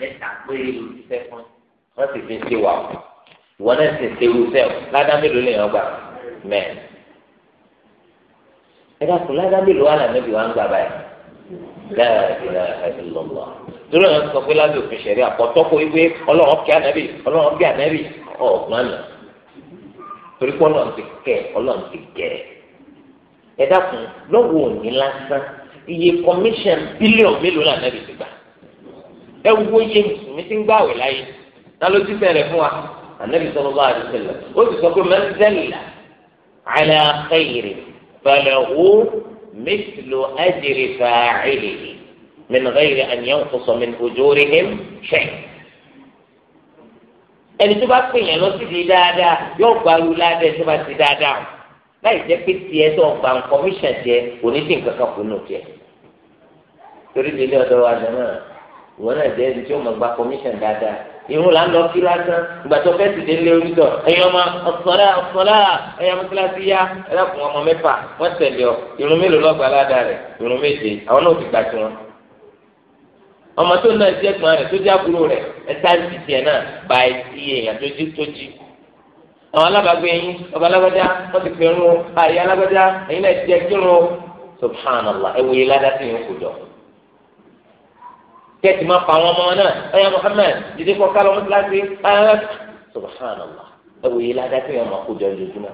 mẹ́ta péré lójúṣẹ́ fún wọ́n sì fi ń ṣe wà ó ìwọ náà sì ń ṣe irúṣẹ́ ò ládá mélòó lè yàn gbà mẹ́ẹ̀. ẹ dàpọ̀ ládá mélòó wà lànàbí wa ń gbà báyìí láàrin àìsàn lọ́wọ́ torí àwọn sọ pé lábẹ́ òfin ṣẹ̀rí àpọ̀tọ́ kó wípé ọlọ́run kí ànábì ọlọ́run kí ànábì ọ̀gbọ́n nà torí pé ọlọ́run ti kẹ́ ọlọ́run ti gẹ̀ ẹ dàpọ̀ lọ́wọ́ òní lásán iye commission bílíọ̀n mélòó lànàbì ti gbà ẹ wo iye mùsùlùmí ti ń gbàwé láyé náà ló ti bẹ̀rẹ̀ fún wa anabi sallallahu alaihi wasallam ó sì sọ pé mẹsẹlá ala khayri falahu mithlu ajri fa'ilihi min ghayri an yanqusa min ujurihim shay ẹni tó bá pè yẹn lọ sí di dáadáa yóò gba aru ládẹ tó bá ti dáadáa láì jẹ pé tiẹ̀ tó gba nkọmíṣà jẹ onídìí nǹkan kan kò nù tiẹ̀ torí délé ọ̀dọ̀ wa jẹ náà ìwọ náà jẹ́ ẹni tí ó mọ̀ gba commission dáadáa irun là ń lọ kí lásán ìgbà tó fẹ́ ti dé lé orí tọ̀ ẹ̀yin ọmọ ọ̀sọ̀lá ọ̀sọ̀lá ẹ̀yin ọmọ kíláàsì yá ẹlẹ́kùn ọmọ mẹ́fà wọ́n tẹ̀lé ọ irun mélòó lọ́gbà aládàá rẹ̀ irun méje àwọn náà ti gbà tí wọn. ọmọ tó náà jẹ́ ẹ̀gbọ́n rẹ̀ tó jẹ́ àbúrò rẹ̀ ẹ̀ta ti tiẹ̀ náà ba iye èèyàn tó jí tó jí àwọn alábàágbé yín ọba alágbádá wọn ti pè ń ro alágbádá ẹ̀yin náà ti jẹ́ kírun subhanallah ẹ wòye ládàá sí yín kò jọ kẹ́tì máa fa àwọn ọmọ náà ẹ̀yà Muhammad dídí kọ́ ká lọ́mọ́ síláṣí ẹ̀ẹ́ subhanallah ẹ̀ wòye ládàá kí wọ́n máa kó jọ ojoojúmọ́.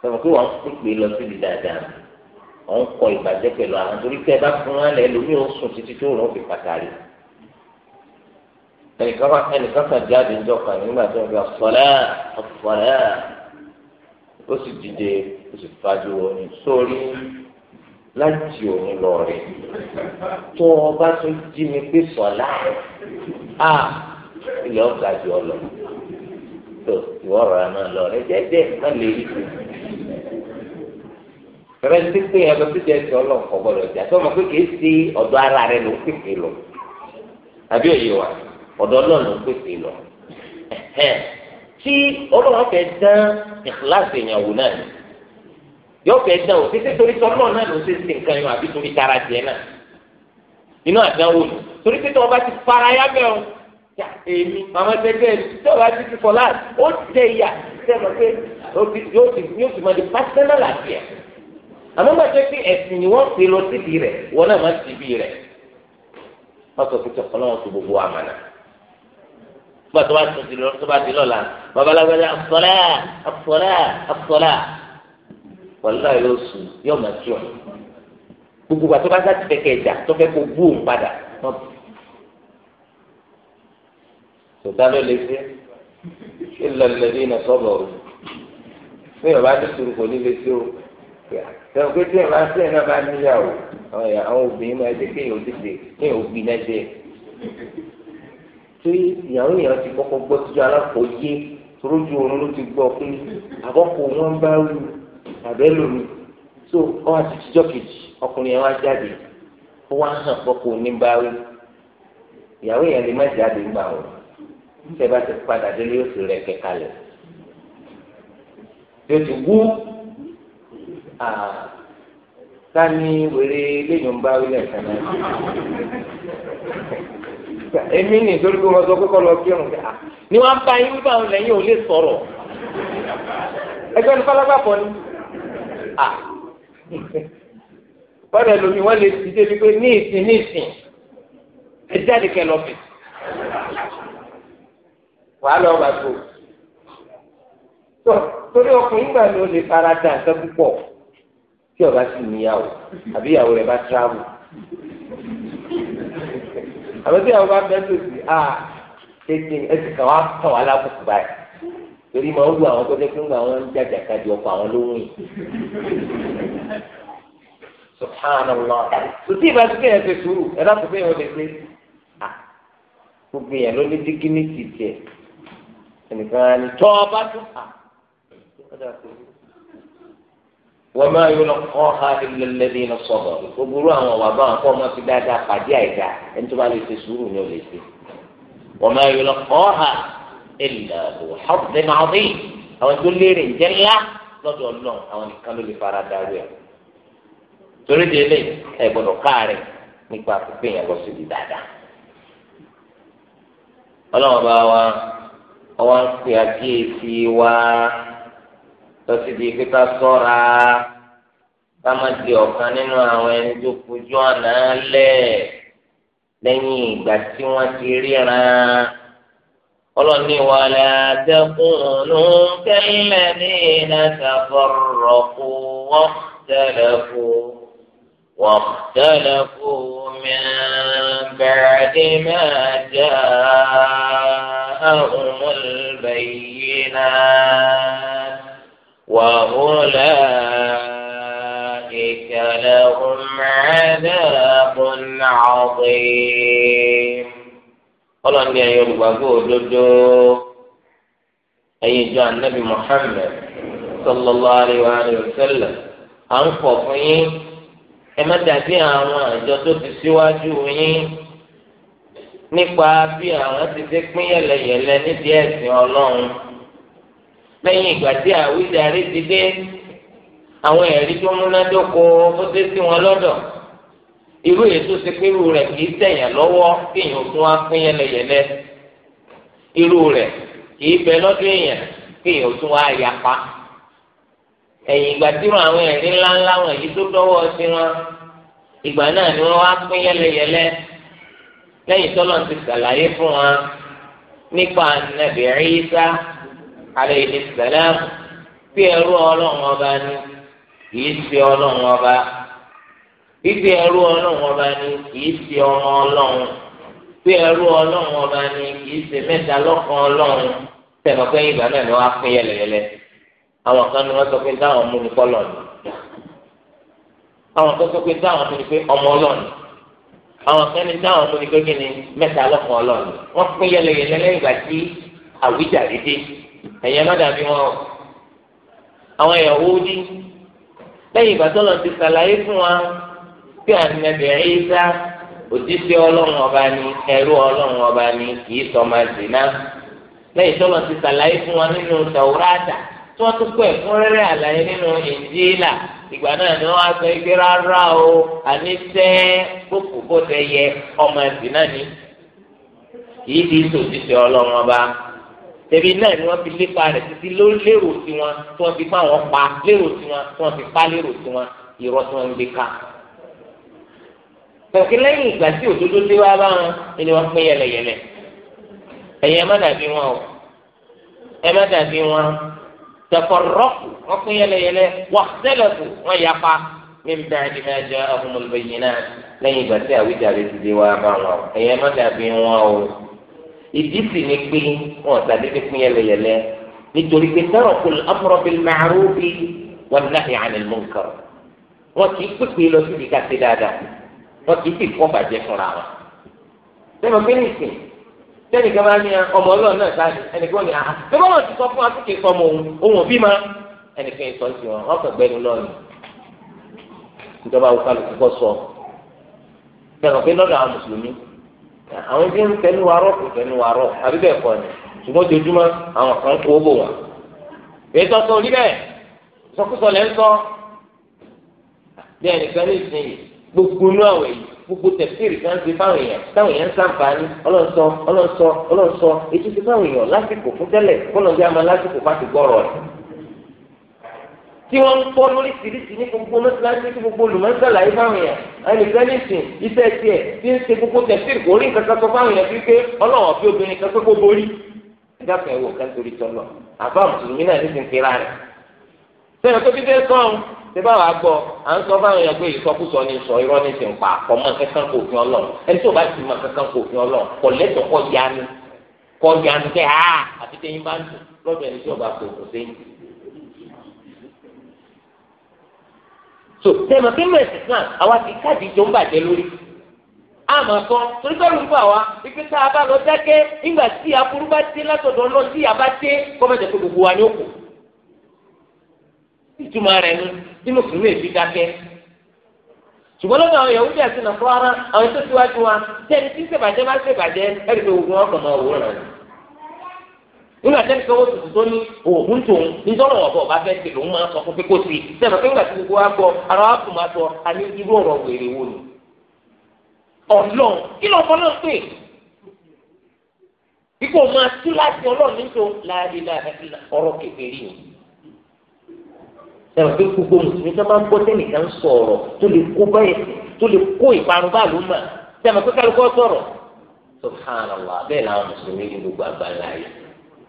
sọ̀rọ̀ pé wọ́n pèpè lọ síbi dáadáa wọ́n kọ ìbàjẹ́ pẹ̀lú àwọn torí tẹ́ ẹ bá fún wọn lẹ́ lómi ò sùn títí tó rọ̀ fi pàtàkì. ẹnìkan kan jáde ń jọkàn nígbà tó ń fi ọ̀fọ̀lá ọ̀fọ̀lá ó sì dìde ó sì fàájú wọn sórí láti òun lọ rẹ tó ọba bá jí mi pé sọlá a ilé ọgá jù ọ tó ìwọ lọ rẹ jẹjẹ má lè rí i rẹ ti pé ẹgbẹ títí ẹsẹ Ọlọ́run gbọ́dọ̀ jà tó ọmọ pé kìí sí ọ̀dọ̀ ara rẹ lọ àbí òye wa ọ̀dọ̀ ló pèpè lọ tí náà ni. yóò fẹ́ dán o títí torí tọ́lọ́ náà ló ṣe ń ṣe nǹkan yẹn àbí torí tara jẹ náà inú àdánwò ni torí pé tọ́ba ti fara ya mẹ́rin ya èmi màmá tẹ́tẹ́ tọ́ba ti ti fọlá ó tẹ ìyá sẹ́nu pé yóò ti yóò ti máa di personal affair àmọ́ gbàgbé pé ẹ̀sìn ni wọ́n pè lọ síbi rẹ̀ wọ́n náà máa síbi rẹ̀ wọ́n sọ pé tọ́kọ náà tó gbogbo àmàlà gbàtọ́ bá tó ti lọ wàlúwà yóò sùn yóò máa tí ọ gbogbo àti wọn bá ti fẹkẹ ẹjà tó fẹ kó bú òun padà wọn bù sọta ló lè ṣe ìlọlẹlẹ iná sọbọ o fún yàrá tó sùn kò ní lè ṣe o tẹ̀wọ́n pé tí ẹ̀ máa sẹ́yìn náà bá níyàwó àwọn obìnrin máa ṣe kéèyàn òdìdè kéèyàn ògbìn náà ṣe tí ìyàwó yẹn ti kọ́kọ́ gbọ́ síjú alákòóyé torójú oorun ló ti gbọ́ pé àkọ́kọ́ wọn bá rú àbẹ́ lómi so ọ wá títí jọ́ kejì ọkùnrin yẹn wá jáde ó wá hàn pọ́kọ́ oníbàáwí ìyàwó yẹn lè má jáde gbà wọ́n tẹ́ bá ti padà délé yóò sì rẹ̀ kẹ̀kẹ́ lẹ̀ tí o ti wú sani wèrè léyìn bá wílẹ̀ sẹ́nà èmi ní torí pé wọ́n sọ pé kọ́ lọ kírun ni wọ́n bá yín wípé àwọn lẹ́yìn ò lè sọ̀rọ̀ ẹgbẹ́ ní pálábá pọ̀ ni à ah. bọ́dọ̀ lómi wọ́n lè ti débi pé ní ìsìn ní ìsìn ẹ jáde kẹ lọ fẹ̀ wàá lọ wà tó tó torí ọkùnrin gbà ló lè fara dà nǹkan púpọ̀ tí ọba sì níyàwó àbí ìyàwó rẹ̀ bá tíráàbù àbí tí ìyàwó bá bẹ́ẹ̀ tó sì à ah, tètè ẹ sì kàn wá kàn wá lábùkù báyìí torí máa ń lu àwọn tó dé fún àwọn ń jàjà kájọ ọkọ àwọn lóhùn yìí subhanallah sùtì ìbá tó kéèyàn ṣe sùúrù ẹ láti fẹ́ yẹn ó lè gbé gbogbo yẹn ló ní dígínì tì tiẹ̀ ẹnìkan á ní tọ́ ọ bá tún fà wọ́n máa yọ lọ kọ́ ha lẹ́lẹ́dẹ́ iná sọ̀rọ̀ gbogbo àwọn ọ̀wà báwọn kọ́ ọmọ ti dáadáa pàdé àìdáa ẹni tó bá lè ṣe sùúrù ni ó ṣe wọ́n máa yọ lọ kọ́ ha. إلا ذو حظ عظيم àwọn tó léèrè ń jẹ ńlá lọ́dọ̀ Ọlọ́run àwọn nìkan ló lè fara darí ẹ torí délé ẹ gbọ́dọ̀ káàárẹ nípa pípín yẹn lọ síbi dáadáa Ọlọ́run bá wa ọwọ́ ń pè àkíyèsí wa lọ síbi pípa ṣọ́ra ká má di ọ̀kan nínú àwọn ẹni tó fojú ọ̀nà lẹ̀ lẹ́yìn ìgbà tí wọ́n ti ríran. ọlọ́ni wà látẹ̀kùnú kẹlẹ́ ní nàṣàfọ̀rọ̀kù wọ́ọ̀tẹ̀lẹ̀kù wọ́ọ̀tẹ̀lẹ̀kù mẹ́ẹ̀ẹ́dẹ́ máa jẹ́ àrùn bẹ̀yìnà وأولئك لهم عذاب عظيم ọlọ́ni ẹ̀yin olùgbàgbọ́ òdodo ẹ̀yin ìjọ anabi muhammed sallallahu alayhi wa sallam à ń pọ̀ fún yín ẹ má dàbí àwọn àjọ tó ti síwájú yín nípa bí àwọn ti pín yẹlẹyẹlẹ nídìí ẹ̀sìn ọlọ́run lẹ́yìn ìgbà tí àwíjàre ti dé àwọn ẹ̀rí tó múnádóko ó dé sí wọn lọ́dọ̀. irú èyí tó ṣe pé irú rẹ̀ kì í tẹ̀yàn lọ́wọ́ kéèyàn tún wá pín yẹlẹyẹlẹ irú rẹ̀ kì í bẹ lọ́dún èèyàn kéèyàn tún wá yapa ẹ̀yìn ìgbà tí wọn àwọn ẹ̀rí ńláńlá wọn èyí tó dọ́wọ́ sí wọn ìgbà náà ni wọ́n wá pín yẹlẹyẹlẹ lẹ́yìn tọ́lọ́ ti ṣàlàyé fún wọn nípa Ànábì Ìsá alayhi salam bí ẹrú ọba ni kì í ọba. gbígbé ẹrú ọlọ́run ọba ni kìí ṣe ọmọ ọlọ́run gbé ẹrú ọlọ́run ọba ni kìí ṣe mẹ́ta lọ́kan ọlọ́run tẹ̀mọ́ pé ìgbà náà ni wọ́n á pín yẹlẹyẹlẹ àwọn kan ní wọ́n sọ pé táwọn mú ní kọ́lọ̀ ni àwọn kan sọ pé táwọn mú ní pé ọmọ ọlọ́run àwọn kan ní táwọn mú ní pé kí ni mẹ́ta lọ́kan ọlọ́run wọ́n pín yẹlẹyẹlẹ lẹ́yìn ìgbà tí àwíjàre dé ẹ̀yẹ má dàbí wọn o àwọn Yahudi lẹ́yìn ìgbà tó lọ ti sàlàyé fún wa. pé ànábì Ìsá òjíṣẹ́ ọlọ́run ọba ni ẹrú ọlọ́run ọba ni kì í sọ máa dì náà lẹ́yìn tó lọ́n ti sàlàyé fún wọn nínú Tàwúrátà tí wọ́n tún fún ẹ̀kúnrẹ́rẹ́ àlàyé nínú Ìnjílà ìgbà náà ni wọ́n á sọ ike rárá o àní tẹ́ kókò bó tẹ yẹ ọmọ ọba tẹbi náà ni fi lépa títí ló lérò tiwọn tí fi pa pa lérò tiwọn tí fi pa lérò tiwọn tí ń pẹ̀kí lẹ́yìn ìgbà tí òdodo dé wá bá wọn ni wọ́n pín yẹlẹyẹlẹ ẹ̀yẹ má dàbí wọn o ẹ má dàbí wọn tẹkọrọ́kù wọ́n pín yẹlẹyẹlẹ wọ́n sẹ́lẹ̀kù wọ́n yapa níbi tí a ti máa jẹ ọkùnrin náà lẹ́yìn ìgbà tí àwíjàre ti dé wá bá wọn o ẹ̀yẹ má dàbí wọn o ìdí sì ni pé wọn ò sàdédé pín yẹlẹyẹlẹ nítorí pé tẹrọkù amúrọ̀bí màrúbí wọn náà yà wọn kì í sì kọ́ bàjẹ́ fúnra wọn. lẹ́nu pé nìsín tẹ́nìkan bá ní ọmọ ọlọ́run náà sáà ẹnìkan ní àhà bí wọ́n ti sọ fún wa kí kì í sọmọ òun òun òbí ma ẹnìkan yìí sọ sí wọn wọn kàn gbẹnu lọ́ọ̀nù. ìjọba awùkálùkù kọ́ sọ lẹ́nu pé lọ́dọ̀ àwọn mùsùlùmí àwọn tí ń tẹnu wa rọ̀ kò tẹnu wa rọ̀ àbí bẹ́ẹ̀ kọ́ ni ṣùgbọ́n ojoojúmọ́ àwọn kan kó bò wọn. èyí sọ sọ orí bẹ́ẹ̀ sọkúsọ lẹ́ ń sọ bí ẹnìkan ní ìsinyìí gbogbo inú àwọn èyí gbogbo tẹ̀síìrì kan ṣe fáwọn èèyàn táwọn èèyàn ń sàǹfààní ọlọ́sọ ọlọ́sọ ọlọ́sọ ètò ṣe fáwọn èèyàn lásìkò fún tẹ́lẹ̀ kọ́nà bí a máa lásìkò fáti gbọ́rọ̀ rẹ̀. tí wọ́n ń kọ́ lórí tìrìtì ní gbogbo mọ́sálásí tí gbogbo olùmọ́sálà yìí fáwọn èèyàn ẹnìkan ní ìsìn iṣẹ́ tiẹ̀ tí ń ṣe gbogbo tẹ̀síìrì kò rí nǹkan kan sọ fáwọn èèyàn wípé ọlọ́wọ́ bí obìnrin kan tẹ́bá wàá gbọ́ à ń sọ fáwọn èèyàn pé ìsọkúsọ ni sọ irọ́ ní ti ń pa kọ́ mọ kankan kò fi ọlọ́run ẹni tó bá ti mọ kankan kò fi ọlọ́run kọ́ lẹ́tọ̀ kọ́ yanu kọ́ yanu kẹ́ ha àti tẹ́yìn bá ń dùn lọ́dọ̀ ẹni tí ọba kò kò sẹ́yìn. so tẹ́mọ̀ kí mẹ́sì náà àwa ti káàdì ìjọ ń bàjẹ́ lórí àmọ́ sọ torí pé olùkọ́ àwa ibi tá a bá lọ dákẹ́ nígbà tí aburú bá dé látọ̀dọ̀ lọ sí àbá dé kọ́mẹ́tẹ̀ kó gbogbo wa ní bí mùsùlùmí èfi dákẹ́ ṣùgbọ́n lọ́dọ̀ àwọn yahudi àti nàfọ́nrán àwọn tó tiwájú wa tí ẹni tí ń ṣèbàjẹ́ bá ṣèbàjẹ́ ẹni tó ogun ọkàn máa wò rán nínú àtẹ́ni kan ó tutù tó ní òògùn tòun nítorí ọ̀rọ̀ ọ̀bọ̀ bá fẹ́ ṣe lòun máa sọ fún pé kó sí i sẹ́nu pé nígbà tí gbogbo wa gbọ́ ara wa kò máa sọ àní irú ọ̀rọ̀ wèrè wo ni. ọ̀lọ́n kí ló fọ́ náà pè sẹ́wọ̀n pé gbogbo mùsùlùmí tó máa ń gbọ́ sẹ́nìkan sọ̀rọ̀ tó lè kó báyìí tó lè kó ìparun báàlú mà sẹ́wọ̀n pé kálukọ́ sọ̀rọ̀ subhanallah bẹ́ẹ̀ làwọn mùsùlùmí ní gbogbo àgbàlá yìí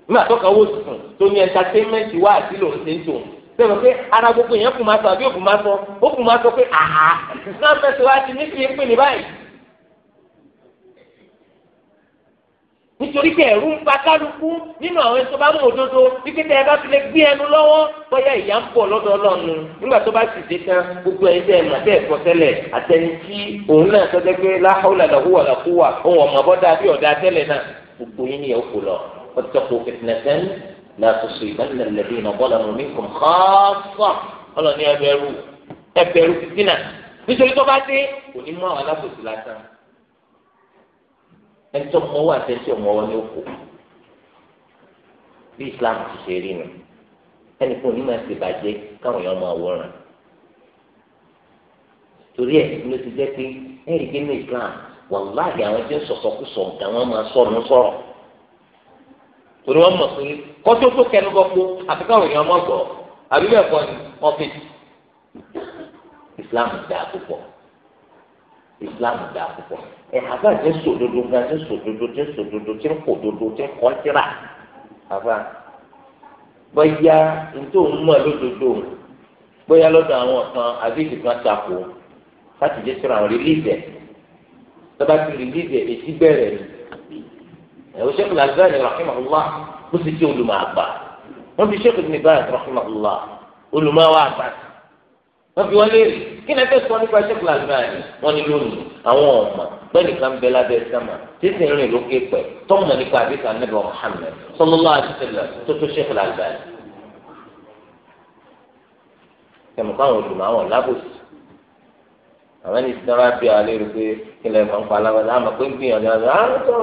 nígbà tó kàwé tuntun tó ní ẹntatẹ́mẹ́ntì wá àti lòun ṣe ń tò sẹ́wọ̀n pé ara gbogbo yẹn kò máa sọ àbí òkú máa sọ òkú máa sọ pé àhà ìsìlámù nítorí pé ẹ̀rù ń pa kálukú nínú àwọn ẹni tó bá mú òdodo wípé tẹ ẹ bá fi lè gbé ẹnu lọ́wọ́ bóyá ìyá ń bọ̀ lọ́dọ̀ ọlọ́run nígbà tó bá sì dé tán gbogbo ẹni tẹ ẹ mà tẹ ẹ kọ tẹ́lẹ̀ àtẹni tí òun náà tọ́jú pé láhàúlà làhúwà làkúwà òun ọmọ bọ́dà bí ọ̀dà tẹ́lẹ̀ náà gbogbo yín ni ẹ kò lọ ọtọ́kù fìtìnẹ̀tẹ́ni làtúnṣe ìbánilẹ̀ ẹtọ mọwọ àtẹtí ọmọwọ ni ó kù bí islam ti ṣe rí nu ẹnì kan ní máa ṣe bàjẹ́ káwọn èèyàn máa wòran torí ẹ ló ti jẹ́ pé ẹnì kan ní islam wàláhì àwọn tí ń sọsọkúsọ nǹkan wọn máa sọnù sọ̀rọ̀ torí wọn mọ̀ pé kọjọ tó kẹnu gbọpọ àti káwọn èèyàn máa gbọ́ àbí bẹ́ẹ̀ kọ́ ni wọn fi islam dáa púpọ̀ islam da púpọ̀ ẹ̀ àbá ti ń sòdodo gan ti ń sòdodo ti ń sòdodo ti ń kò dodo ti ń kọ́ síra àbá bóyá nítorí òun mọ̀ lódodo bóyá lọ́dọ̀ àwọn kan àbíkì kan takò láti jẹ́ sọ́ra àwọn rìlíìsẹ̀ tọ́ba ti rìlíìsẹ̀ èsì bẹ̀rẹ̀ ni ẹ̀ o sẹ́kùn làgbáyé rahimahullah bó ti jẹ́ olùmọ̀ àgbà wọ́n fi sẹ́kùn ní báyìí rahimahullah olùmọ̀ wa àgbà wọ́n fi wọ́n léèrè kí ni ẹ fẹ́ sọ nípa ẹsẹ̀ kílàsì náà ni wọ́n ní lónìí àwọn ọ̀mà bẹ́ẹ̀ni kan bẹ lábẹ́ sẹ́mà títí rìn lókè pẹ̀ tọ́mọ̀ nípa àbíkà níbi Muhammad sallallahu alaihi wasallam tó tó ṣe kílàsì náà. kẹmọ káwọn olùmọ̀ àwọn lábòsí àwọn ẹni tí wọ́n bí alẹ́ rẹ pé kí lè máa ń pa alábàdà àmọ́ pé gbìyànjú àwọn tó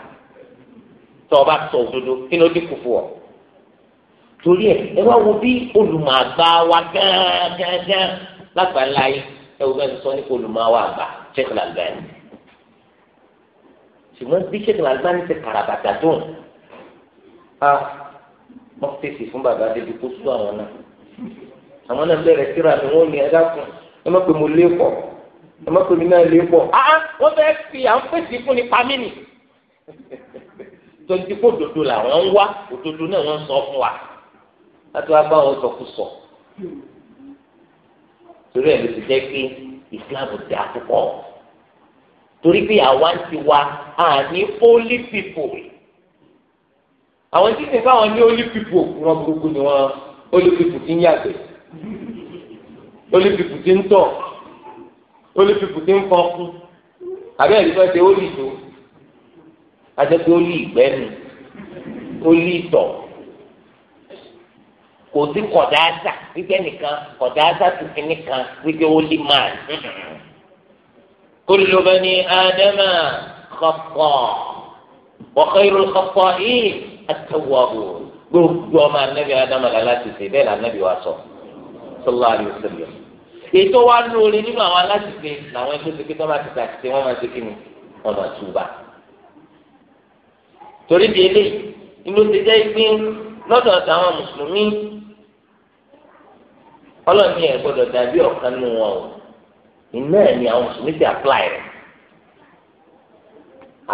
tó o bá sọ òdodo kí ni ó dínkù fún ọ torí ẹ ẹ wá wo bí olùmọ̀ àgbà wa gángan lágbàlá yìí ẹ wo bẹ́ẹ̀ sọ nípa olùmọ̀ àwa àgbà Sheikh Al-Albani ṣùgbọ́n bí Sheikh Al-Albani ti kàràbàtà dùn á wọ́n fèsì fún bàbá débi kó sún àwọn náà àwọn náà bẹ̀rẹ̀ síra ni wọ́n ní ẹ dákun ẹ má pè mo lé pọ̀ ẹ má pè mí náà lé pọ̀ áá wọ́n fẹ́ fi à ń fèsì fún ni pa mí nì. tonti kó dodo làwọn ń wá òdodo náà wọ́n sọ fún wa láti wá bá wọn sọkú sọ torí ẹ̀ ló ti jẹ́ pé Islam dà púpọ̀ torí pé àwa ń ti wa àní holy people àwọn tí nìkan àwọn ní holy people wọn burúkú ni wọn holy people ti ń yàgbẹ́ holy people ti ń tọ̀ holy people ti ń fọkún àbẹ́rẹ́ ìfẹ́ ṣe holy tó ajẹ́ pé ó lé ìgbẹ́ nu ó lé ìtọ̀ kò sí kọ̀dáàsà wípé nìkan kọ̀dáàsà tó fi nìkan wípé ó lé máa kullu bani ádámà kọ̀pọ̀ wa khairul khatta'in at-tawwabun gbogbo ọmọ anabi ádámà láti ṣe bẹ́ẹ̀ ni anabi wa sọ sallallahu alaihi wasallam ètò wa lóore nínú àwọn aláṣìṣe làwọn ẹgbẹ́ ṣe kí tọ́ bá ti ṣàṣìṣe wọ́n máa ṣe kí ni ọ̀nà àtúbà torí bí eléyìí ìlú ti jẹ́ ìpín lọ́dọ̀ táwọn mùsùlùmí ọlọ́ọ̀ni ẹ̀ gbọ́dọ̀ dàbí ọ̀kan nù wọn o iná ẹ̀ ni àwọn mùsùlùmí ti apply rẹ̀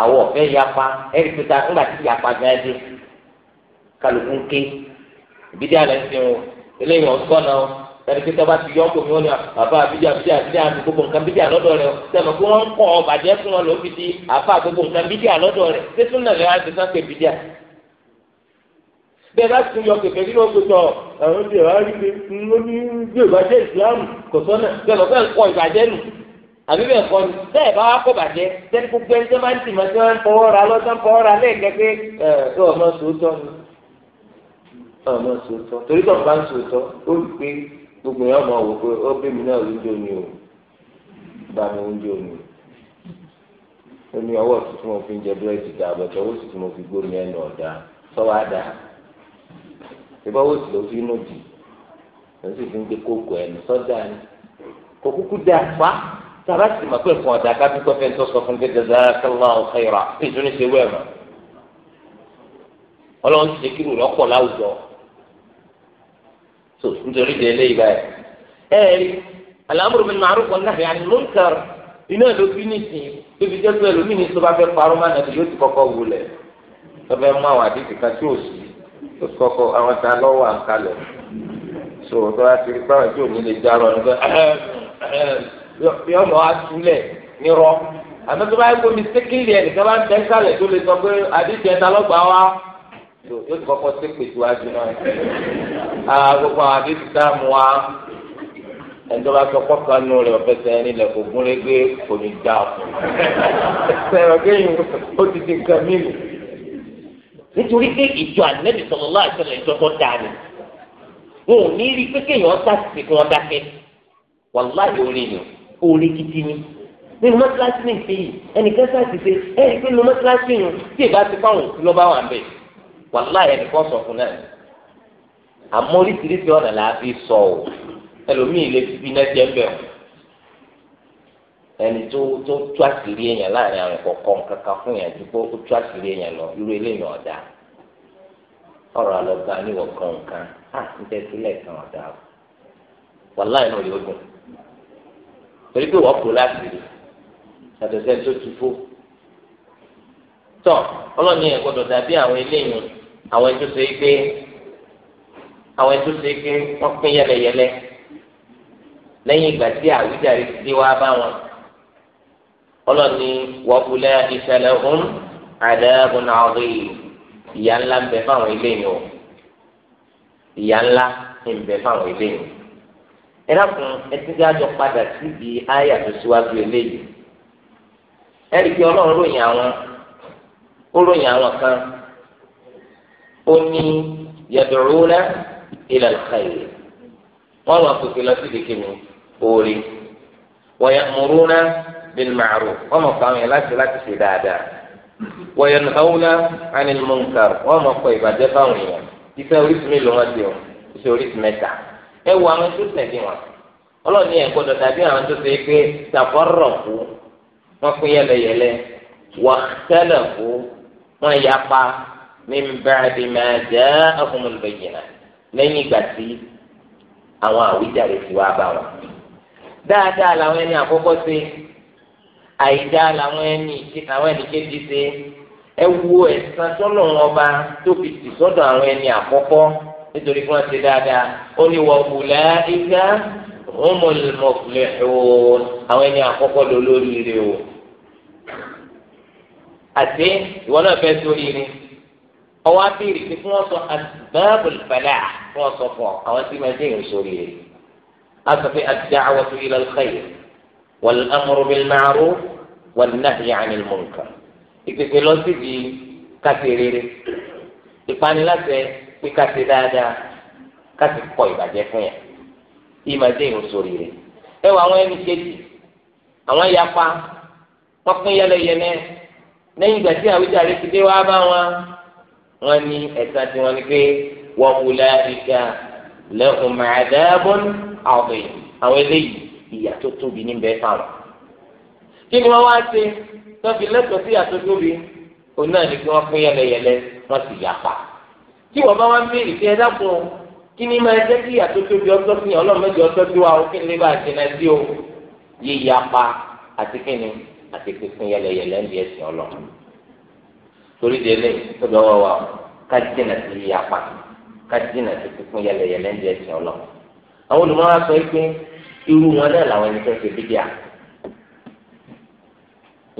àwọn ọ̀fẹ́ yapa ẹ̀rí pété ńgbà tí yapa gan dé kálukú ké ìbídí àlẹ́ ń sìn o eléyìí ọ̀sán náà tàbí pé tọ́ba ti yọ ọ́ kòmí wọn ni àfa àbíjà àbíjà àbíjà àti gbogbo nǹkan bíjà lọ́dọ̀ rẹ̀ sẹ́nu kí wọ́n ń kọ́ ọ bàjẹ́ fún wọn ló fi di àfa gbogbo nǹkan bíjà lọ́dọ̀ rẹ̀ tẹ́tún náà lẹ́wọ́n àti sáfẹ́ bíjà. bẹ́ẹ̀ bá tún yọ kẹfẹ́ nínú oṣù tọ̀ àwọn ti wá rí pé wọ́n ní bí ìbàjẹ́ ìsìlámù kò sọ́nà bẹ́ẹ̀ lọ́fẹ́ ń kọ ìbàjẹ́ nù àbí bẹ́ẹ̀ kọ́ ni bẹ́ẹ̀ bá wá kó bàjẹ́ sẹ́ni gbogbo ẹni tó máa ń tì máa ti máa ń fọwọ́ ra lọ́sọ̀ ń fọwọ́ ra lẹ́ẹ̀kẹ́kẹ́ ẹ̀ ẹ̀ ọmọ sòótọ́ ni ọmọ sòótọ́ torí tó bá ń sòótọ́ ó rí pé gbogbo yẹn ọmọ wò pé ó bí mi náà lóúnjẹ o bá mi lóúnjẹ òní ó ní ọwọ́ sí mo fi ń jẹ búrẹ́dì dá owó mo fi ẹnu ọ̀dà sọ́wọ́ àdá ìbá owó fi inú dì sì ni kò kúkú sì ọ̀dà kábí tó sọ fún gẹ́gẹ́ zara ọ̀kẹ́ ọlọ́run tó nítorí di eléyìí báyìí ẹ ẹ al-amru bil ma'ruf wan-nahyi 'anil munkar iná ló fi ní sìn tóbi jẹ́ pé ẹlòmíì ní tó bá fẹ́ parọ́ máa nàbí yóò ti kọ́kọ́ wulẹ̀ tó mú àwọn àdìsí kan tí ò sí tó ti kọ́kọ́ àwọn ta lọ́wọ́ à ń kalẹ̀ so tó bá ti rí pàrọ̀ tí ò ní lè jarọ̀ nígbà yọ̀ọ́ mọ̀ á túlẹ̀ nírọ̀ àmọ́ tó bá yẹ kó mi sékìlì ẹ̀ nìkan bá ń tẹ́ sálẹ̀ tó lè sọ pé àdìsí ẹ̀ ta lọ́gbàá wa yóò ti kọ́kọ́ sí pèsè wájú náà aa ah, gbogbo àwọn àti ti dáàmú wa ẹjọ́ bá sọ kọ́kọ́ nù rẹ̀ ọ̀fẹ́sẹ̀ ẹni lẹ̀ kò gún régé kò ní dá o sẹ̀rọ̀ kéyìn ó ti di nǹkan mí nù nítorí pé ìjọ ànẹ́bí sọ̀rọ̀ láì sọ̀rọ̀ ìjọ tó dáa ni wọn ò ní rí pé kéèyàn sá sí kí wọ́n dákẹ́ wàláyé orí ni orí kìtì ni nínú mọ́tíláṣí nìyí ẹnìkan sá ti ṣe ẹnì pé wàláyé nìkan sọ fún náà àmọ́ oríṣiríṣi ọ̀nà là á fi sọ ọ́ ẹlòmíì lè fi iná jẹ́ bẹ́ẹ̀ o ẹni tó tó tú àṣírí èèyàn láàrin àwọn kọ̀ọ̀kan kankan fún yẹn dúpọ́ ó tú àṣírí èèyàn lọ irú eléyìí ọ̀dà ọ̀rọ̀ àlọ́gbà níwọ̀ kan nǹkan á ń tẹ́ sílẹ̀ kan ọ̀dà o wàláyé náà yóò dùn torí pé wọ́n kú láṣìírí yàtọ̀ sẹ́ni tó tu fó tọ ọlọ́ni ẹ̀ gbọ́dọ̀ dàbí àwọn eléyìí àwọn ẹ̀tọ́ ṣe é pé àwọn ẹ̀tọ́ ṣe é pé wọ́n pín yẹlẹyẹlẹ lẹ́yìn ìgbà tí àwíjàre ti dé wá bá wọn ọlọ́ni wọ́pulẹ̀ ìṣẹ̀lẹ̀ ọ̀hún àdàbọ̀nà ọ̀rẹ́ ìyá ńlá ń bẹ fáwọn eléyìí o ìyá ńlá ń bẹ fáwọn eléyìí ẹ dákun ẹ ti dájọ padà síbi áyà tó síwájú eléyìí ẹ rí i pé ọlọ́run ròyìn àwọn ó ròyìn àwọn kan ó ní yad'una ila al-khayr wọ́n máa pèpè lọ sí ìdíkìmí oore wa ya'muruna bil ma'ruf wọ́n máa fà wọ́n láti láti ṣe dáadáa wa yanhauna 'anil munkar wọ́n máa kọ ìbàjẹ́ fáwọn èèyàn iṣẹ́ orísun mélòó wọn ti o iṣẹ́ orísun mẹ́ta ẹ wo àwọn tó tẹ̀lé wọn ọlọ́ọ̀ni ẹ̀ gbọ́dọ̀ tàbí àwọn tó ṣe pé tàfọ́rọ̀ kú wọ́n pín yẹlẹyẹlẹ wàhálà kú wọn yapa min ba'di ma ja'ahumul bayyinah lẹ́yìn ìgbà tí àwọn àwíjàre ti wá bá wọn. dáadáa làwọn ẹni àkọ́kọ́ ṣe àìdá làwọn ẹni àwọn ẹni kejì ṣe ẹ wo ẹ̀san sọ́nà ọba tó fi tì sọ́dọ̀ àwọn ẹni àkọ́kọ́ nítorí kí wọ́n ṣe dáadáa ó ní wa ulaika humul muflihun àwọn ẹni àkọ́kọ́ lólórí rẹ o àti ìwọ náà fẹ́ sórí ni ọwọ́ abéèrè pé kí wọ́n sọ asbáàbù fẹlẹ́ à kí wọ́n sọ fún ọ àwọn tí ma dé ìrìnsórí rẹ̀ asọ̀fẹ́ ad-da'watu ila al-khayr wal-amru bil-ma'ruf wan-nahyi 'anil munkar ìpèsè lọ sí di kásì rere ìpaniláṣẹ pé kásì dáadáa kásì kọ ìbàjẹ́ fún yẹn ìmọ̀ dé ìrìnsórí rẹ̀ ẹ wọ àwọn ẹni kejì àwọn yapa wọ́n pín yẹlẹyẹlẹ lẹ́yìn ìgbà tí àwíjàre ti dé wá bá wọn wọn ní ẹ̀sán tí wọ́n ní pé wọ́n kú láàbíkà lẹ́kùn màdábọ́n àwọn àwọn eléyìí ìyà tó tóbi níbẹ̀ fáwọn. kí ni wọ́n wá ṣe tó fi lẹ́tọ̀ọ́ sí ìyà tó tóbi òun náà ni kí wọ́n pín yẹlẹyẹlẹ wọ́n sì yà pa. tí wọ́n bá wá ń béèrè sí ẹ̀dá kan kí ni máa jẹ́ kí ìyà tóbi ọtọ́ sí ọlọ́mọdé ọtọ́ sí wa ó kí ni lè bá àṣẹ náà àti kí àti pínpín yẹlẹyẹlẹ ń di ẹsìn Ọlọ́run torí de lẹ́yìn tó bẹ wá wa ká jìnnà sí yapa ká jìnnà sí pínpín yẹlẹyẹlẹ ń di ẹsìn Ọlọ́run àwọn olùmọ̀ọ́ sọ pé irú wọn náà làwọn ẹni tó ṣe bídíà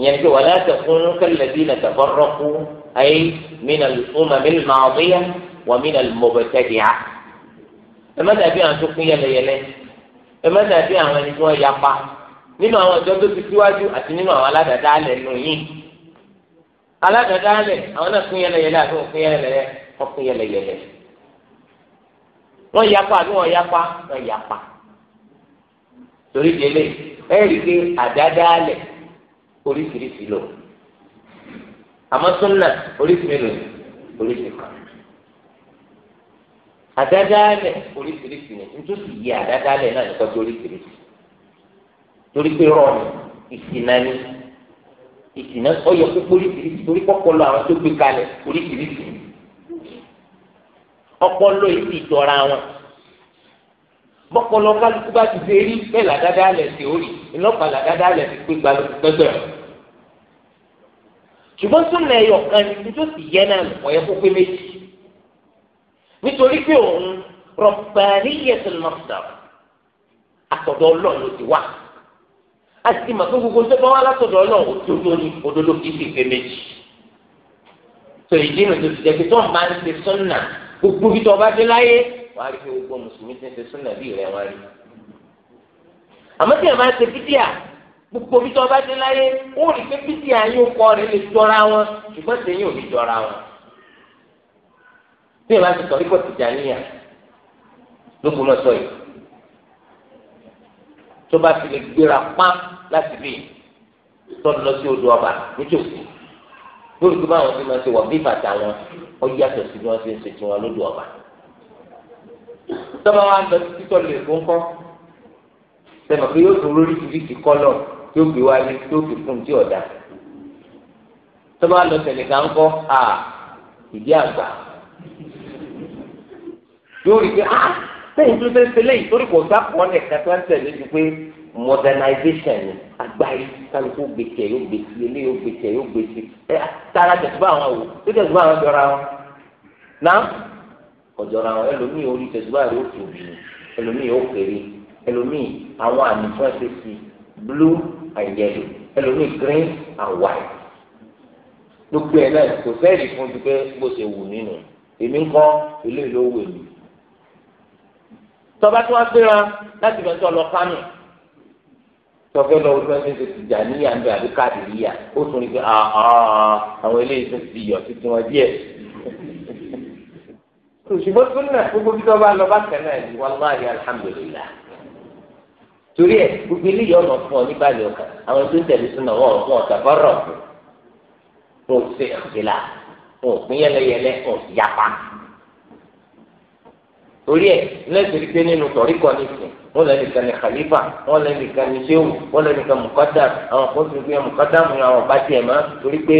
ìyẹn ni pé wàlẹ́ àtẹ̀kùn kẹlẹ́dí náà tẹ̀fọ́rọ́kù ayé mìíràn ọmọ mi máa bíyà wà mìíràn mọ̀bẹ̀tẹ̀dìá ẹ má dàbí àwọn tó pín yẹlẹyẹlẹ ẹ má dàbí àwọn ẹni tó yapa nínú àwọn ìjọ tó ti síwájú àti nínú àwọn aládàádáálẹ̀ nù yín aládàádáálẹ̀ àwọn náà fún yẹlẹyẹlẹ àti wọn fún yẹlẹyẹlẹ wọn fún yẹlẹyẹlẹ wọn yapa àbí wọn yapa wọn yapa torí délé ẹ rí i pé àdáadáalẹ̀ oríṣiríṣi lò àmọ́ súnà oríṣi mélòó ni oríṣi kan àdáadáalẹ̀ oríṣiríṣi ni nítòsí yí àdáadáalẹ̀ náà nìkan tó oríṣiríṣi torí pé rọrùn ìsìnà ni ìsìnà ọyọ pé oríṣiríṣi torí pọpọlọ àwọn tó gbé kalẹ̀ oríṣiríṣi ọpọlọ yìí ti jọra wọn bọpọlọ kálukú bá ti ṣe rí bẹ́ẹ̀ làdáda alẹ sí orí ìlọpàá làdáda alẹ sí pé gbalùkù gbẹgbẹ ṣùgbọ́n súnà ẹyọ kan ní tó sì yẹ náà lọ́pọ̀ yẹ kókó méjì nítorí pé òun rọ̀bàníyẹ̀sìn lọ́sọ̀rọ̀ àtọ̀dọ̀ ọlọ́run ló ti wà a ti mọ̀ pé gbogbo tó bá wá látọ̀dọ̀ náà òdodo ni òdodo kì í sì pé méjì tó ìdí nu tó ti jẹ́ pé tó ń bá ń ṣe sọ́nà gbogbo bí tó ọba dé láyé wàá rí pé gbogbo mùsùlùmí ti ń ṣe sọ́nà bí ìrẹ́ wá rí àmọ́ tí ẹ̀ máa ń ṣe bídíà gbogbo bí tó ọba dé láyé ó rí pé bídíà yóò kọ́ rẹ̀ lè jọra wọn ṣùgbọ́n tẹ̀yìn ò ní jọra wọn tí ẹ bá ti sọ ikọ̀ Tìjàníyà tó bá fi lè gbéra pán láti bí tọ́lú lọ sí odò ọba nítòsí lórí tó báwọn ti máa ṣe wọ̀ bí bàtà wọn ó yàtọ̀ sí bí wọ́n ṣe ń ṣe tiwọn lódò ọba. tọ́ba wa ń lọ sí títọ́ lè fún kọ́ sẹ́mi pé yóò tún lórí ibi ti kọ́ lọ tí ó gbé wá ní tí ó fi fún tí ọ̀dà. tọ́ba lọ sẹ̀nìkà ń kọ́ à ìdí àgbà yóò rí pé á ah, sẹ́yìn tó ṣe ń lẹ́yìn torí kò sá pọ̀ nìkan tó ń tẹ̀lé ju pé modernization ni agbáyé kálukú gbèsè yóò gbèsè ilé yóò gbèsè yóò gbèsè ẹ tara tẹsíbá àwọn wò tí tẹsíbá àwọn jọra wọn náà kọjọra wọn ẹlòmíì orí tẹsíbá rẹ ó tóbi ẹlòmíì ó kéré ẹlòmíì àwọn àmì fún ẹsẹ sí blue and yellow ẹlòmíì green and white gbogbo ẹ náà kò sẹ́ẹ̀lì fún ju pé bó ṣe wù nínú èmi ń kọ́ ilé ìlú owó èmi tọ́ba tí wọ́n gbéra láti bẹ̀rẹ̀ sọ lọ kánò tọ́fẹ́ lọ́wọ́ tí wọ́n ti ṣe tìjà níyà ń bẹ àbí káàdì níyà ó tún rí pé ah, ah, àwọn eléyìí tó ti yọ̀ títí wọn díẹ̀. ṣùgbọ́n tó nà gbogbo bí wọ́n bá lọ bá kẹ́ náà wọ́n máa rí alhamdulillah. torí ẹ gbogbo eléyìí ọ̀nà fún ọ ní báyìí ọkàn àwọn tó ń tẹ̀lé sínú wọn ò fún ọ̀tà fọ́rọ̀ fún òṣè ìfìlà fún òpin yẹlẹyẹlẹ fún òṣìyapa. torí ẹ lẹ́sìn wọn lẹ nìkan ní khalifa wọn lẹ nìkan ní sehu wọn lẹ nìkan mukadam àwọn kò tún gbé mukadam ní àwọn bá tiẹ̀ mọ́ torí pé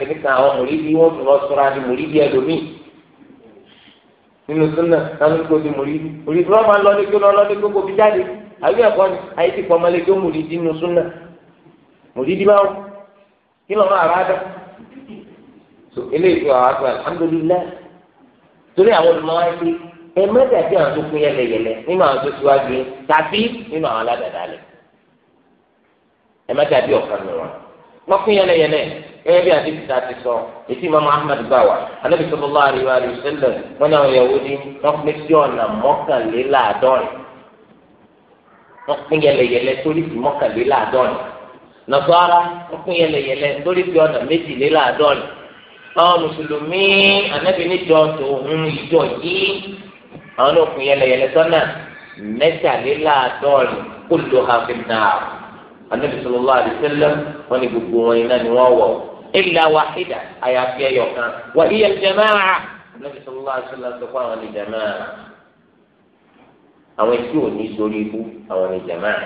kìnìún kan àwọn mùrídìí wọn tún lọ sọra ní mùrídìí ẹlòmíì nínú súnà táwọn kò di mùrídìí mùrídìí wọn máa ń lọ ní gbóná lọ ní gbogbo bí jáde àbí ẹ̀kọ́ ni àyè ti pọ́nmọ́ lé tó mùrídìí nínú súnà mùrídìí báwo kí lọ́ọ́ máa rà á so eléyìí ẹ mẹ́tẹ̀ẹ̀tì àwọn tó kún yẹlẹyẹlẹ nínú àwọn tó síwájú tàbí nínú àwọn aládàáda lẹ̀ ẹ mẹ́tẹ̀ẹ̀tì ọ̀kan nù wọn. wọ́n kún yẹlẹyẹlẹ gẹ́gẹ́ bí àti bìtà ti sọ ètí Imam Ahmad gbà wa wọn àwọn sí ọ̀nà yẹlẹyẹlẹ torí Nasara yẹlẹyẹlẹ torí ọ̀nà Ọ àwọn náà fún yẹlẹ sọ́nà mẹ́tàléláàádọ́rin kó ló ha fi nà á anabi sallallahu alaihi wasallam wọn ni gbogbo wọn yìí náà ni wọn wọ illa wahida àyàfi ẹyọ kan wà hiya al-jama'a anabi sallallahu alaihi wasallam sọ fún àwọn ni jamaa àwọn tí ò ní sórí ikú àwọn ni jamaa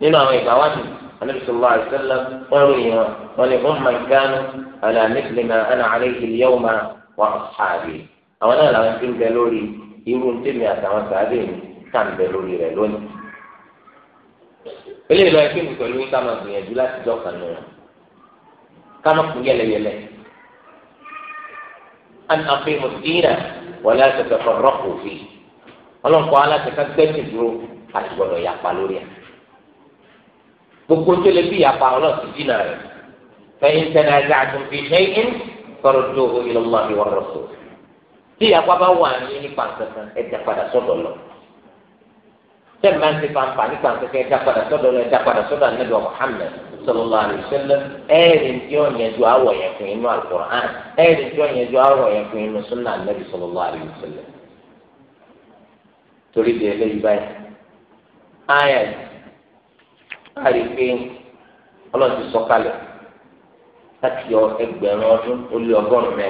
nínú àwọn ìgbà wá ni anabi sallallahu alaihi wasallam wọn ròyìn wọn wọn ni won umman kanu ala mithli naa ana alayhi sáà wa a ashabi àwọn náà làwọn ti ń bẹ lórí irú tèmi àtàwọn sàádé mi kà ń bẹ lórí rẹ lónìí. eléyìí lọ ẹgbẹ́ mi pẹ̀lú ká máa gbìyànjú láti dọ́kàn nù wọn ká máa kún yẹlẹyẹlẹ. an aqimu ad-dina wa la tatafarraqu fihi ọlọ́nkọ́ aláṣẹ ká gbẹ́sìn dúró àti gbọ́dọ̀ yapa lórí ẹ̀. gbogbo tó lè fi yapa ọlọ́ọ̀sì dínà rẹ̀ fẹ́yìntẹ́nà ẹ̀ tí ìyapa bá wà ní nípa nǹkankan ẹ̀dá padà sọ́dọ̀ lọ tẹ́ máa ń ti fanfa nípa nǹkankan ẹ̀dá padà sọ́dọ̀ lọ ẹ̀dá padà sọ́dọ̀ anabi Muhammad sallallahu alaihi awọ yẹn fún inú tí ó yẹn ju awọ yẹn fún inú anabi torí di báyìí pé sọ kalẹ̀ láti ẹgbẹ̀rún ọdún ó lé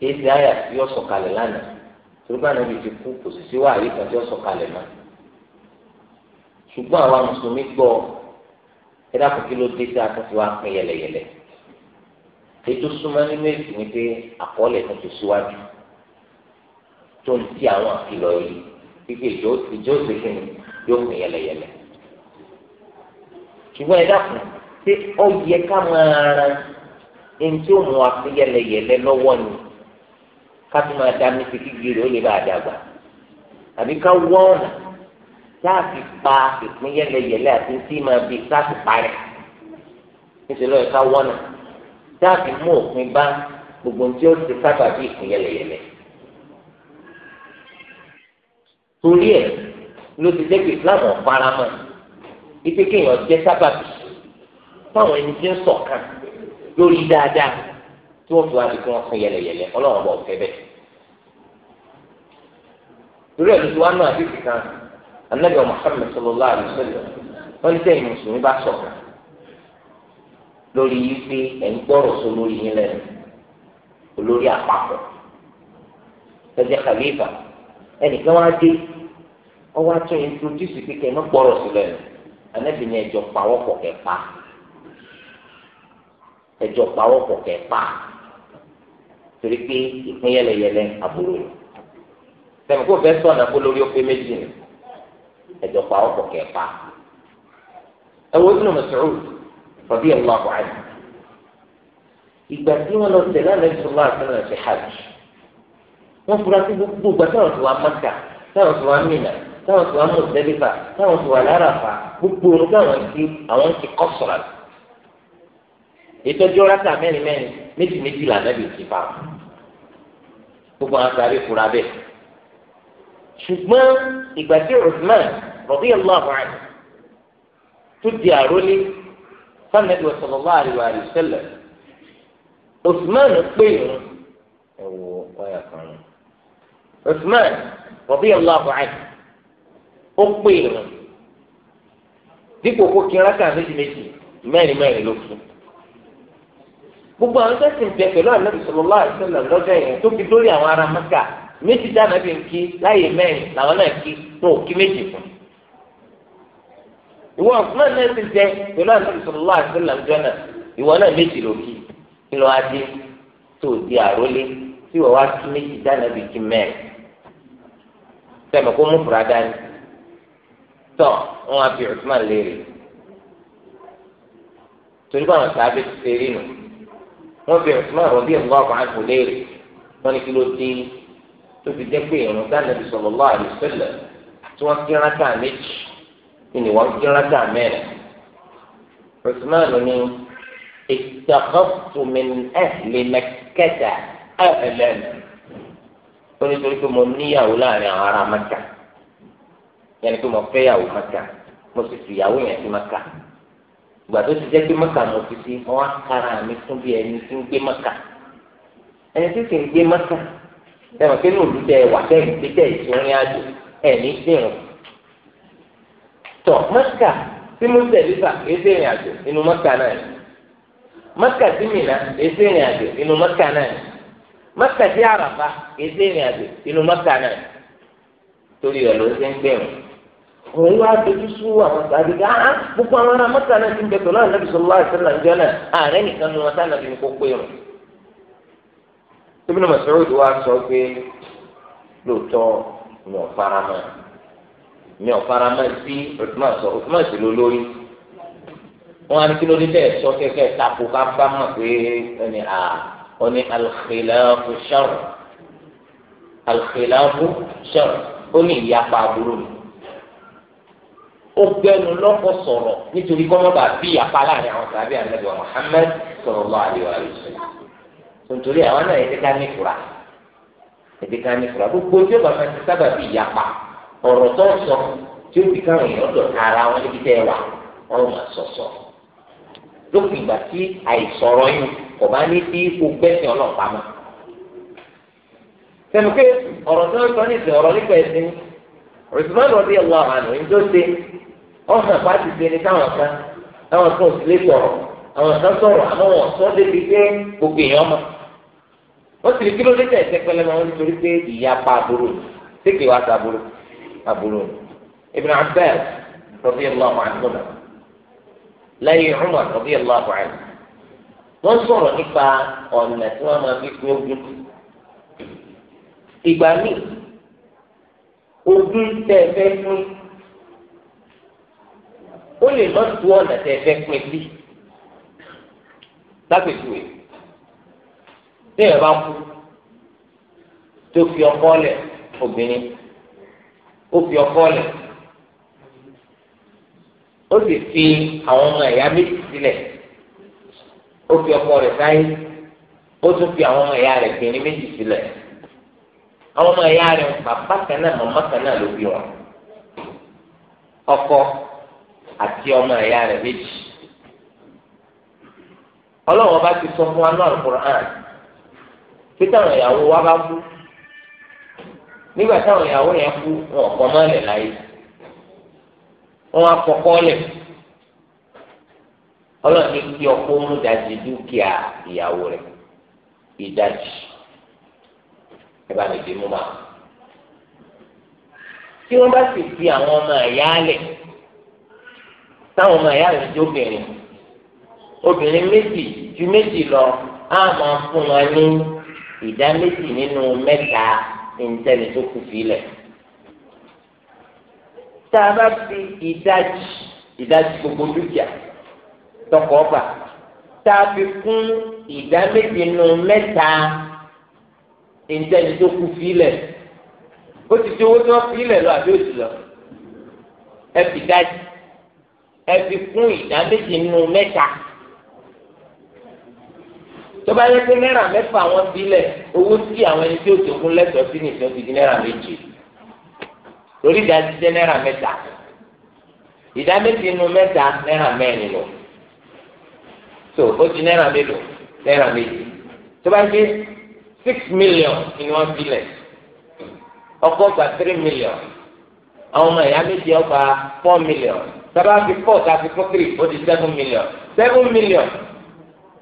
kìí ṣe àyà tí yọ sọ̀kalẹ̀ lánàá torípa náà ibi ti kú kò sì sí wàhálì kan tí yọ sọ̀kalẹ̀ mọ́ ṣùgbọ́n àwa mùsùlùmí gbọ́ ẹ dákun kí ló dé sí akọ́sí wa pín yẹlẹyẹlẹ ètò súnmọ́ nínú èsì ni pé àkọọ́lẹ̀ kan ti síwájú tó ń ti àwọn àkìlọ̀ yìí pípé ìjọ òṣèké ni yóò pín yẹlẹyẹlẹ ṣùgbọ́n ẹ dákun ṣé ó yẹ ká máa ran ẹni tí ó mú wa pín yẹlẹyẹlẹ lọ́wọ́ ni káfí máa dá mi sí kígiri ó lè bá àdàgbà àbí ká wọ́ ọ̀nà tá a fi pa ìpín yẹlẹyẹlẹ àti tí máa bí ká fi parẹ́ níṣẹ́ lọ́yẹ̀ ká wọ́ ọ̀nà tá a fi mú òpin bá gbogbo tí ó ti sábà bí ìpín yẹlẹyẹlẹ. torí ẹ̀ ló ti jẹ́ pé Islam ọ̀faramọ́ ipe kéèyàn jẹ́ fáwọn ẹni tí ń ṣọ̀kan lórí dáadáa. tí wọ́n fi wá di kí wọ́n fún yẹlẹyẹlẹ ọlọ́run bọ̀ fẹ́ bẹ́ẹ̀. torí ẹ̀ tuntun wa náà ti fi kan anabi Muhammad sallallahu alaihi wasallam wọ́n ní mùsùlùmí bá lórí gbọ́rọ̀ sọ lórí yín lẹ́nu olórí àpapọ̀ khalifa ẹnìkan wá dé torí pé ìpín yẹlẹyẹlẹ àbúrò rẹ sẹ́mi kó fẹ́ sọ̀nà kó lórí ó pé méjì ni ẹ̀jọ̀ pa ọ̀pọ̀ kẹ̀pa ẹ wo inú Mas'ud radiyallahu anhu ìgbà tí wọ́n lọ tẹ̀lé àlẹ́ ìṣòro àti ọ̀nà ṣe hajj wọ́n fura sí gbogbo ìgbà táwọn ti wá Mẹ́kà táwọn ti wá Mínà táwọn ti wá Muzdalifa táwọn ti wá Lárafa gbogbo ohun táwọn ti àwọn ti kọ́ sọ̀rọ̀ ètò ìjọ́ra ta mẹ́rin mẹ́rin méjì méjì làná bìí ti fa gbogbo àwọn sáré fura bẹ́ẹ̀ ṣùgbọ́n ìgbà tí Uthman radiyallahu anhu tó di àrólé sanabi sallallahu alaihi wa sallam Uthman pè é ẹwọ wáyà kan Uthman radiyallahu anhu ó pè é dípò kó kí n rákà méjì mẹ́rin mẹ́rin ló fún un gbogbo àwọn tó sì ń bẹ pẹ̀lú ànábì sallallahu alaihi wasallam lọ́jọ́ yẹn tó fi dórí àwọn ará mẹ́kà méjì tí ànábì ń kí láyè mẹ́rin làwọn náà kí wọn ò kí méjì fún un. ìwọ ọ̀sán náà ti jẹ pẹ̀lú ànábì sallallahu alaihi wasallam lọ́jọ́ náà ìwọ náà méjì ló kí ńlọ adé tó di àrólé tí wọ́n wá kí méjì tí ànábì kí mẹ́rin. sẹ́mi kó mú wọ́n fi Usman radiyallahu anhu léèrè wọ́n ní kí ló dé tó fi jẹ́ pé ìrun dáná bí sallallahu alaihi wasallam tí wọ́n kí rákà méjì ni wọ́n kí rákà mẹ́rin Usman ní ittakhadtu min ahli Makkata ahlan ó ní torí pé mo níyàwó láàrin àwọn ará Mẹ́kà yẹn ni pé mo fẹ́ yàwó Mẹ́kà mo sì fìyàwó yẹn sí Mẹ́kà. Gbadoo ti jẹ́ pé maka mo fi wọ́n á mi fún bí ẹni tí ń gbé mọ́kà ẹni tí sì ń gbé mọ́kà ẹ̀rọ pé lòlù tẹ wà tẹ̀lé pé tẹ̀ ìsúnrin àjò ẹ̀mí dìrùn tọ̀ maka tí mo tẹ̀lé fà àjò inú náà ni tí mi àjò inú náà ni òun wá dojú sú àwọn tàbí ká á gbogbo àwọn ará mọ́tà náà ti ń bẹ̀tọ̀ láàrin nàbì sọ̀rọ̀ láti sẹ́lẹ̀ àjọ náà ààrẹ nìkan ni wọn tá nàbì ní kó pé rùn. Ibn Mas'ud wá sọ pé lóòótọ́ mi ò fara mọ́ mi ò sí Uthman sọ Uthman sì ló lórí. Wọ́n á ní kí ló dé bẹ́ẹ̀ sọ kẹ́kẹ́ tako ká bá mọ̀ pé ẹni à ọ ní al-khilafu sharr al-khilafu sharr ó ní ìyapa burú mi ó gbẹnu lọ́kọ̀ sọ̀rọ̀ nítorí kọ́mọ́bà bí apá láàrin àwọn sàbí ànábì Muhammad sallallahu alaihi wasallam nítorí àwọn náà yẹ ká ní fura yẹ ká ní fura gbogbo tí ó bá máa ti sábà bí ìyapa ọ̀rọ̀ tó sọ tí ó fi káwọn èèyàn dọ̀ ara wọn níbi tẹ́ ẹ wà wọn máa sọ̀sọ̀ lópin ìgbà tí àìsọ̀rọ̀ yín kò bá ní bí kó gbẹ́sìn ọlọ́pàá mọ́ sẹ́nu ọ̀rọ̀ tó ń sọ ní ìsìn ọ̀rọ̀ nípa ẹ̀sìn Usman radiyallahu anhu ń tó ọ̀hún àpá ti di ẹni táwọn kan táwọn kan sì lè sọ̀rọ̀ àwọn kan sọ̀rọ̀ àmọ́ wọn sọ débi pé gbogbo èèyàn mọ̀ wọ́n sì rí kí ló dé tẹ̀ ẹ̀sẹ̀ pẹlẹmọ wọn nítorí pé ìyá pa àbúrò ni wá sàbúrò àbúrò ni Ibn Abbas radiyallahu anhu lẹ́yìn Umar radiyallahu anhu wọ́n sọ̀rọ̀ nípa ọ̀nà tí wọ́n máa fi pín ogún ìgbà míì ogún tẹ̀ fẹ́ fún ó lè má tu ọ̀nà tẹ fẹ́ pin bí lápèjúwe téèyàn bá kú tó fi ọkọ lẹ̀ obìnrin ó fi ọkọ lẹ̀ ó sì fi àwọn ọmọ ẹ̀yà méjì sílẹ̀ ó fi ọkọ rẹ̀ sáyé ó tún fi àwọn ọmọ ẹ̀yà rẹ̀ bìnrin méjì sílẹ̀ àwọn ọmọ ẹ̀yà rẹ̀ bàbá kan náà màmá kan náà ló bí wọn ọkọ. àti ọmọ ẹ̀yà rẹ̀ méjì ọlọ́run ọba ti sọ fún wa náà Al-Qur'an pé táwọn ìyàwó wa bá kú nígbà táwọn ìyàwó yẹn kú wọn kọ́ láyé wọn lẹ̀ ọlọ́run ní kí ọkọ mú dájú dúkìá ìyàwó rẹ̀ lè wọ́n bá sì fi táwọn ọmọ ẹ̀yà rẹ̀ jẹ́ obìnrin obìnrin méjì ju méjì lọ á máa fún wọn ní ìdá méjì nínú mẹ́ta ìǹtẹ́ni tó kù sílẹ̀ tá a bá fi ìdajì ìdajì gbogbo dúkìá tọkọ ọgbà tá a fi kún ìdá méjì nínú mẹ́ta ìǹtẹ́ni tó kù sílẹ̀ ó ti di owó tí wọ́n fi ilẹ̀ lọ àbí òsì lọ ẹ fi dájì ẹ fi kún ìdá méjì nínú mẹ́ta tó bá yẹ pé náírà mẹ́fà wọn sílẹ̀ owó tí àwọn ẹni tí ó ti kún lẹ́tọ̀ọ́ sí ní ìtọ́jú di náírà méjì lórí ìdá jíjẹ́ náírà mẹ́ta ìdá méjì nínú mẹ́ta náírà mẹ́rin lọ tó ó di náírà mélòó náírà méjì tó bá yẹ six million ni wọ́n sílẹ̀ ọkọ̀ gba three million àwọn ọmọ ìyá méjì ọgbà four million sábà fi four tàbí fún three ó di seven million seven million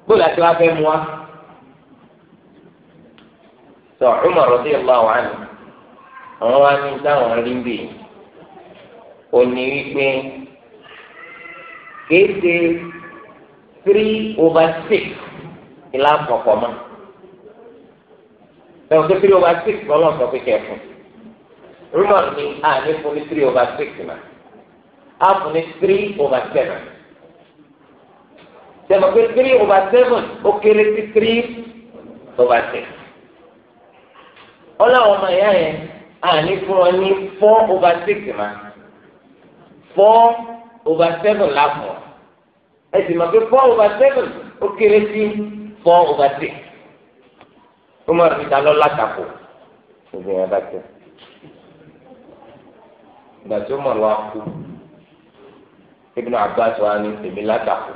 gbọ́dọ̀ àti wá fẹ́ mu wa. sọ Umar radiyallahu anhu àwọn wa ní táwọn rí bì ó ní wípé kéde three over six ìlà àpọ̀pọ̀ mọ́ ẹ̀wọ̀n tó three over six lọ́lọ́sọ̀ pé kẹ́ẹ̀fún Umar ní àní fún ní three over six náà á fún three over seven sẹ́mi pé three over seven ó kéré sí three over six ọlọ́wọ́n ọmọ ìyá yẹn àní fún ọ ní four over six ma four over seven la fún ọ ẹ sì mọ̀ pé four over seven ó kéré sí four over six ó mọ̀ ní ìdálọ́ látàkù obìnrin bá tẹ̀ ìgbà tí ó mọ̀ lọ́wọ́ kú. Ibn Abbas wa ni èmi látàkù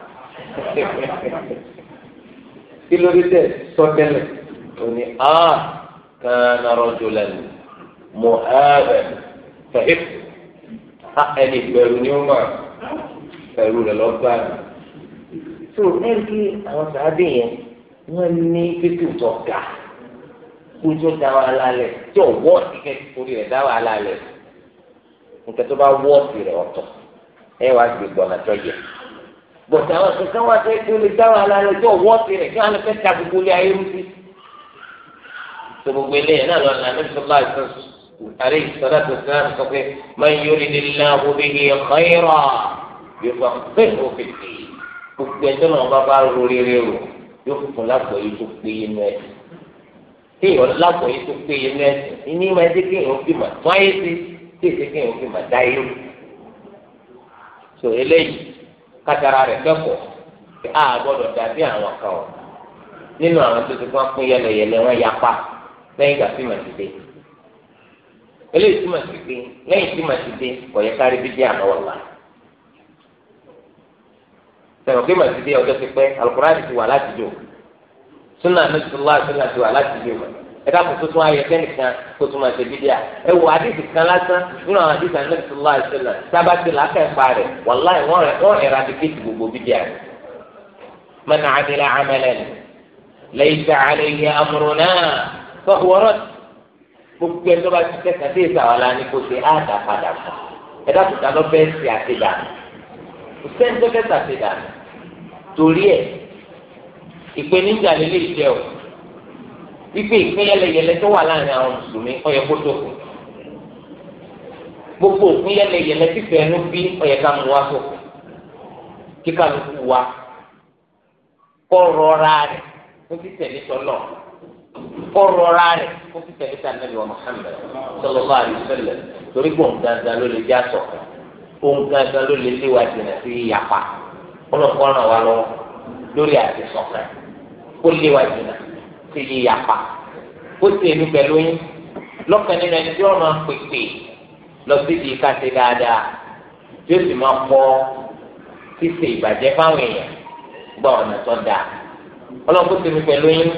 kí ló dé tẹ sọtẹ́lẹ̀ ó ní a kana rajulan muhaban fẹhìf a ẹni ìbẹ̀rù ni ó máa bẹ̀rù rẹ lọgbà mi tó ẹni kí àwọn sàádé yẹn wọn ní pípé tó ga dá wàhálà lẹ tí ọwọ́ kíkẹ́ orí rẹ̀ dá wàhálà lẹ nǹkan bá wọ́ọ̀sì rẹ̀ ọ̀tọ̀ ẹ wá gbé gbọ̀nà tọ́jà bọ̀dé àwọn kankan wá sí ẹgbẹ́ olè dáhùn alárẹ tó wọ́ tirẹ̀ kí wọ́n fẹ́ ta gbogbo ilé ayé rúbí. tó gbogbo ilé yẹn náà lọ́nà àmì sọ́lá àlẹ́ ìsọ́lá tó sọ́lá sọ pé máa ń yọrí nílá omi ní khayra yorùbá bẹ́ẹ̀ ló fi tì í. gbogbo ẹjọ́ náà bá bá ro rere rò yóò fún lágbọ̀ọ́yé tó péye nú ẹ̀. kéèyàn lágbọ̀ọ́yé tó péye nú ẹ̀ ní ìmọ̀ ẹ̀ so eléyìí kachara rẹ̀ kẹ́kọ̀ọ́ a gbọ́dọ̀ dàbí àwọn kan o nínú àwọn tó ti yẹlẹyẹlẹ wọn yapa lẹ́yìn ìgbà tí màá ti dé eléyìí tí màá ti dé lẹ́yìn tí màá ti dé kò yẹ kárí bídí àná wọlá sẹ̀rọ̀ pé màá ti dé ọjọ́ ti pẹ́ alukóra ti wà láti jò ti ẹ dákun tó tún ayẹ tẹnìkan kó tún máa ṣe bídíà ẹ wò àdìsí kan lásán nínú àwọn àdìsí àti nàìjíríà sallallahu alaihi wasallam sábà ti làákà ẹ̀fà rẹ̀ wàláì wọ́n eradicate gbogbo bídíà rẹ̀ man amila amalan laysa alayhi amruna fahuwa radd gbogbo ẹjọ́ bá ti tẹ̀sà dé ìsàwálà ni kò ṣe àdá padà fún ẹ dákun tá ló fẹ́ ṣe àtìdá ìsẹ́ńtẹ́fẹ́ ṣàtìdá ipe ìpín yẹlẹyẹlẹ tó wà láàrin àwọn mùsùlùmí ó yẹ kó dókun gbogbo òpin yẹlẹyẹlẹ fífẹ́ ẹnu bí ó yẹ ká mú wá sókun kíkà ló kú wa kọ́ rọra rẹ̀ kó ti tẹ̀lé tọ́lọ̀ kọ́ rọra rẹ̀ kó ti tẹ̀lé tà nàbí wa Muhammad sallallahu alaihi wasallam torí gbọ̀n dandan ló lè já sọ̀ ohun gangan ló lè léwà jìnnà sí yàpá ọlọ́kọ́ ràn wá lọ́wọ́ lórí àti sọ̀kan ó léwà jìnnà ti di yapa ó sì èmi pẹ̀lú yín lọ́kàn nínú ẹni tí wọ́n máa pèpè lọ sí di káṣe dáadáa tí ó sì máa kọ́ ṣíṣe ìbàjẹ́ fáwọn èèyàn gba ọ̀nà tó dáa ọlọ́run ó sì èmi pẹ̀lú yín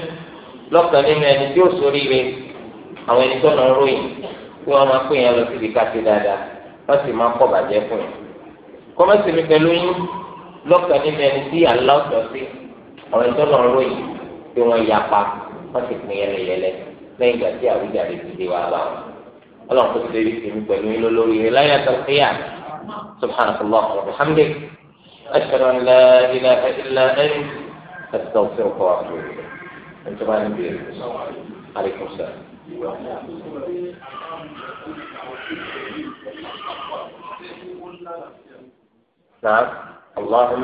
lọ́kàn nínú ẹni tí ó ṣoríire àwọn ẹni tó nà ń ròyìn tí wọ́n máa pè yẹn lọ sí di káṣe dáadáa wọ́n sì máa kọ́ bàjẹ́ fún yín kọ́mẹ́sì mi pẹ̀lú yín lọ́kàn nínú ẹni tí àlọ́ pé wọ́n yapa wọ́n sì pín yẹlẹyẹlẹ lẹ́yìn ìgbà tí àwùjáde ti di wàhálà wọn. ọlọ́run kò ti débi tèmi pẹ̀lú yín lólórí rẹ̀ láyé àtàkìyà subhanakallah wa bihamdik ashhadu an la ilaha illa ant astaghfiruka wa atubu ẹni tó bá ní bèrè alaikum salaam. نعم اللهم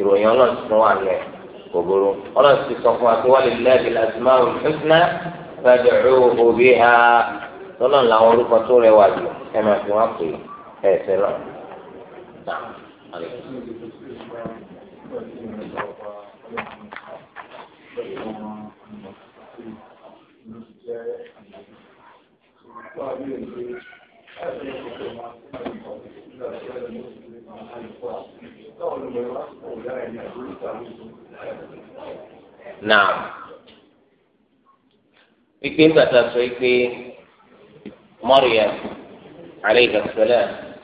ìròyìn ọlọ́run fún wa lẹ̀ kòkòrò ọlọ́run ti sọ fún wa pé wálé lẹ́ẹ̀dì lásìmọ́ ìfúnná fẹ́ẹ́ dùn òbí ha lọ́lọ́run làwọn orúkọ tó rẹwà jù ẹ máa fi wọ́n pè é ẹ̀sẹ̀ lọ. Thank you náà ìpín gbàtà sọ pé Maryam alayhi salam.